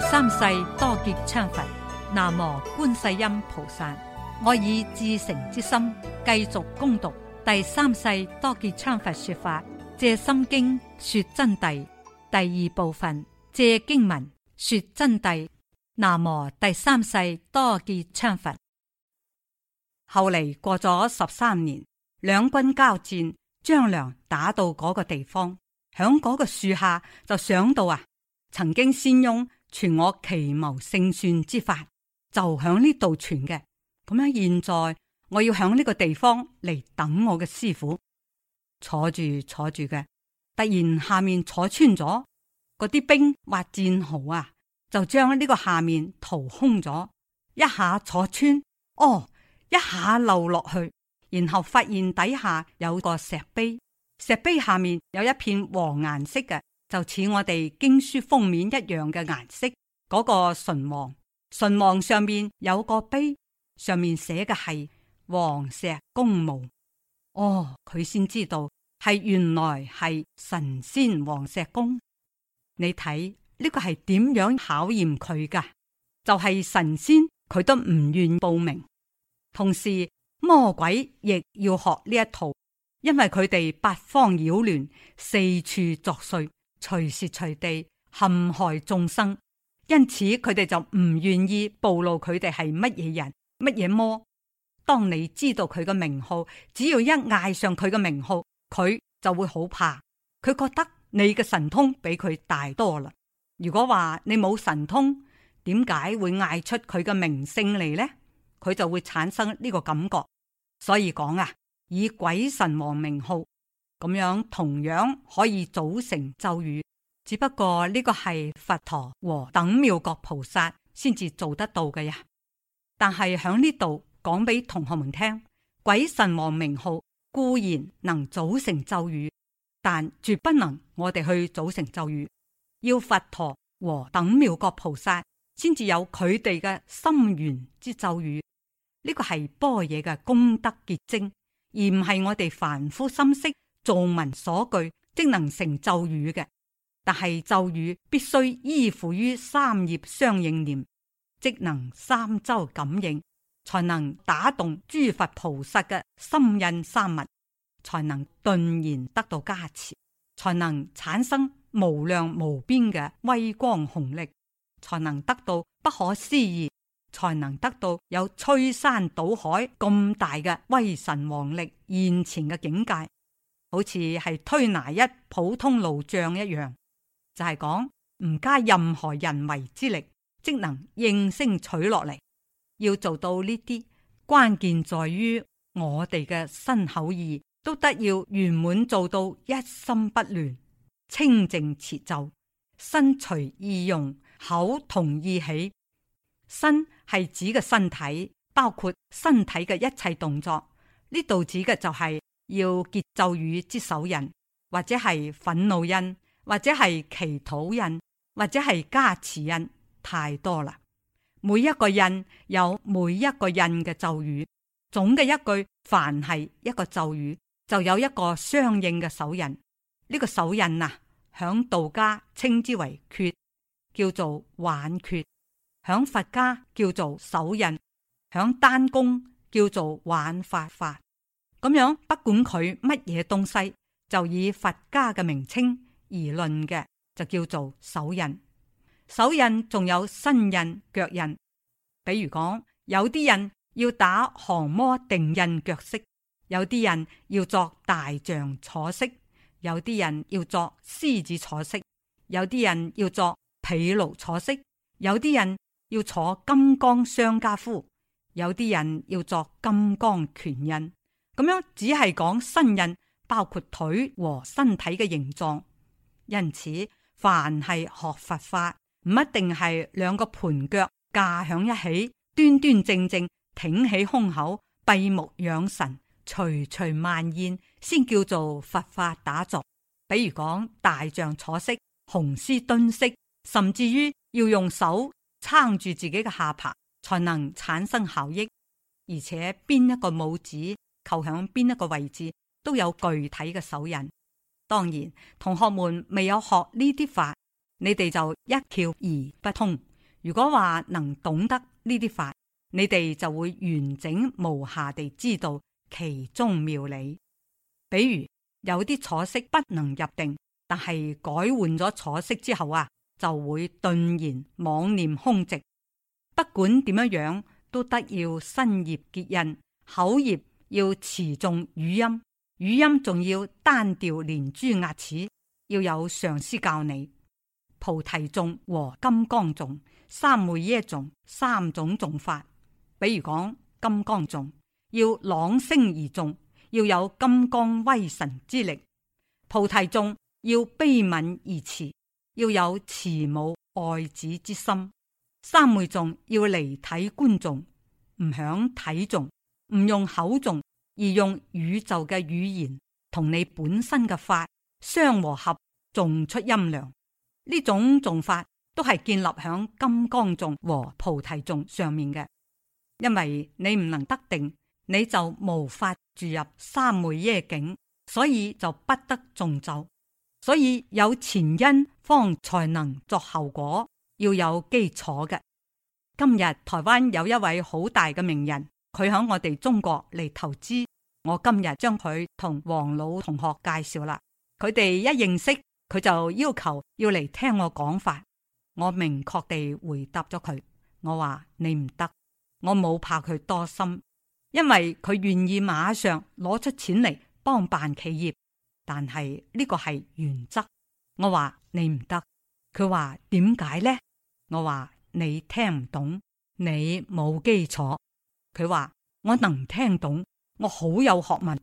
第三世多杰羌佛，南無觀世音菩薩。我以至誠之心繼續攻讀第三世多杰羌佛說法，借心經說真諦，第二部分，借經文說真諦。南無第三世多杰羌佛。後嚟過咗十三年，兩軍交戰，張良打到嗰個地方，喺嗰個樹下就想到啊，曾經先翁。傳我奇謀勝算之法，就喺呢度傳嘅。咁樣，現在我要喺呢個地方嚟，等我嘅師傅。坐住坐住嘅，突然下面坐穿咗，嗰啲兵挖戰壕啊，就將呢個下面掏空咗，一下坐穿，哦，一下漏落去，然後發現底下有個石碑，石碑下面有一片黃顏色嘅。就似我哋經書封面一樣嘅顏色，嗰個純黃，純黃上面有個碑，上面寫嘅係黃石公墓。哦，佢先知道係原來係神仙黃石公。你睇呢個係點樣考驗佢噶？就係神仙，佢都唔願報名。同時，魔鬼亦要學呢一套，因為佢哋八方擾亂，四處作祟。隨時隨地陷害眾生，因此佢哋就唔願意暴露佢哋係乜嘢人、乜嘢魔。當你知道佢個名號，只要一嗌上佢個名號，佢就會好怕。佢覺得你嘅神通比佢大多啦。如果話你冇神通，點解會嗌出佢嘅名聲嚟呢？佢就會產生呢個感覺。所以講啊，以鬼神王名號。咁樣同樣可以組成咒語，只不過呢個係佛陀和等妙覺菩薩先至做得到嘅呀。但係喺呢度講俾同學們聽，鬼神王名號固然能組成咒語，但絕不能我哋去組成咒語。要佛陀和等妙覺菩薩先至有佢哋嘅心願之咒語，呢、這個係般若嘅功德結晶，而唔係我哋凡夫心識。造文所具，即能成咒語嘅，但係咒語必須依附於三業相應念，即能三周感應，才能打動諸佛菩薩嘅心印三物，才能頓然得到加持，才能產生無量無邊嘅威光宏力，才能得到不可思議，才能得到有摧山倒海咁大嘅威神王力現前嘅境界。好似係推拿一普通路障一樣，就係講唔加任何人為之力，即能應聲取落嚟。要做到呢啲，關鍵在於我哋嘅身口意都得要圓滿做到一心不亂、清淨持咒，身隨意用、口同意起。身係指嘅身體，包括身體嘅一切動作。呢度指嘅就係、是。要結咒語之手印，或者係憤怒印，或者係祈禱印，或者係加持印，太多啦。每一個印有每一個印嘅咒語，總嘅一句，凡係一個咒語，就有一個相應嘅手印。呢個手印啊，響道家稱之為訣，叫做玩訣；響佛家叫做手印；響丹功叫做玩法法。咁樣，不管佢乜嘢東西，就以佛家嘅名稱而論嘅，就叫做手印。手印仲有身印、腳印。比如講，有啲人要打降魔定印腳色，有啲人要作大象坐式，有啲人要作獅子坐式，有啲人要作毗盧坐式，有啲人要坐金剛雙跏趺，有啲人要作金剛拳印。咁樣只係講身印，包括腿和身體嘅形狀。因此，凡係學佛法，唔一定係兩個盤腳架響一起，端端正正挺起胸口，閉目養神，徐徐慢咽，先叫做佛法打坐。比如講大象坐式、雄獅蹲式，甚至於要用手撐住自己嘅下巴，才能產生效益。而且邊一個拇指。扣響邊一個位置都有具體嘅手印。當然，同學們未有學呢啲法，你哋就一竅而不通。如果話能懂得呢啲法，你哋就會完整無瑕地知道其中妙理。比如有啲坐式不能入定，但係改換咗坐式之後啊，就會頓然妄念空寂。不管點樣樣，都得要身業結印，口業。要持咒語音，語音仲要單調連珠壓齒，要有上師教你。菩提咒和金剛咒、三昧耶咒三種咒法，比如講金剛咒要朗聲而咒，要有金剛威神之力；菩提咒要悲憫而持，要有慈母愛子之心；三昧咒要嚟睇觀咒，唔響睇咒。唔用口誦，而用宇宙嘅語言同你本身嘅法相和合，出音量誦出音量。呢種誦法都係建立響金剛誦和菩提誦上面嘅，因為你唔能得定，你就無法住入三昧耶境，所以就不得誦咒。所以有前因，方才能作後果，要有基礎嘅。今日台灣有一位好大嘅名人。佢喺我哋中國嚟投資，我今日將佢同黃老同學介紹啦。佢哋一認識佢就要求要嚟聽我講法，我明確地回答咗佢。我話你唔得，我冇怕佢多心，因為佢願意馬上攞出錢嚟幫辦企業，但係呢個係原則。我話你唔得，佢話點解呢？我話你聽唔懂，你冇基礎。佢話我能聽懂，我好有學問，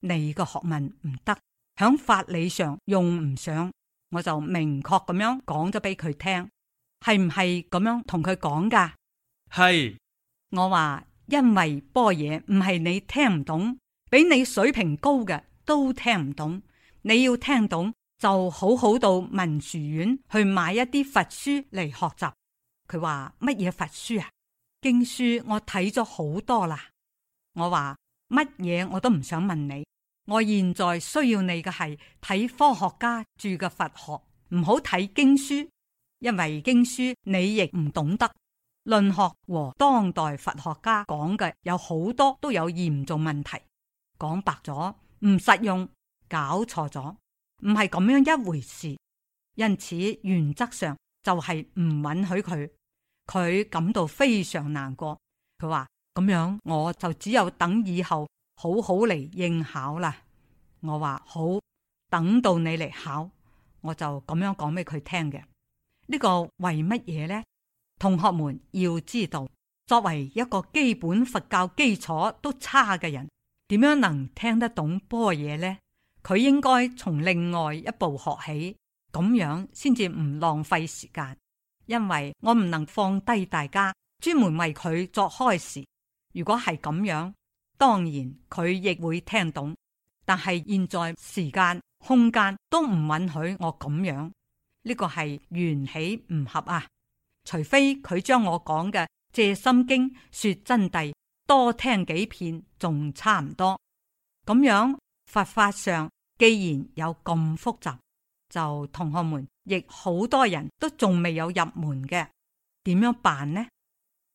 你個學問唔得，響法理上用唔上，我就明確咁樣講咗俾佢聽，係唔係咁樣同佢講噶？係是我話，因為般若唔係你聽唔懂，比你水平高嘅都聽唔懂，你要聽懂就好好到文殊院去買一啲佛書嚟學習。佢話乜嘢佛書啊？經書我睇咗好多啦。我話乜嘢，我都唔想問你，我現在需要你嘅係睇科學家注嘅佛學，唔好睇經書，因為經書你亦唔懂得，論學和當代佛學家講嘅有好多都有嚴重問題，講白咗，唔實用，搞錯咗，唔係咁樣一回事，因此原則上就係唔允許佢。佢感到非常難過，佢話，咁樣我就只有等以後好好嚟應考啦。我話好，等到你嚟考，我就咁樣講俾佢聽嘅。呢個為乜嘢呢？同學們要知道，作為一個基本佛教基礎都差嘅人，點樣能聽得懂般若呢？佢應該從另外一步學起，咁樣先至唔浪費時間。因為我唔能放低大家，專門為佢作開示。如果係咁樣，當然佢亦會聽懂。但係現在時間、空間都唔允許我咁樣，呢個係緣起唔合啊。除非佢將我講嘅《借心經》說真諦多聽幾遍，仲差唔多。咁樣佛法，法上既然有咁複雜。就同學們亦好多人都仲未有入門嘅，點樣辦呢？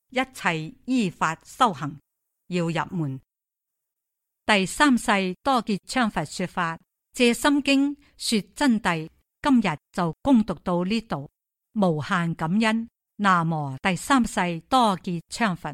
一切依法修行，要入門。第三世多杰羌佛說法《藉心經》說真諦，今日就恭讀到呢度，無限感恩。南無第三世多杰羌佛。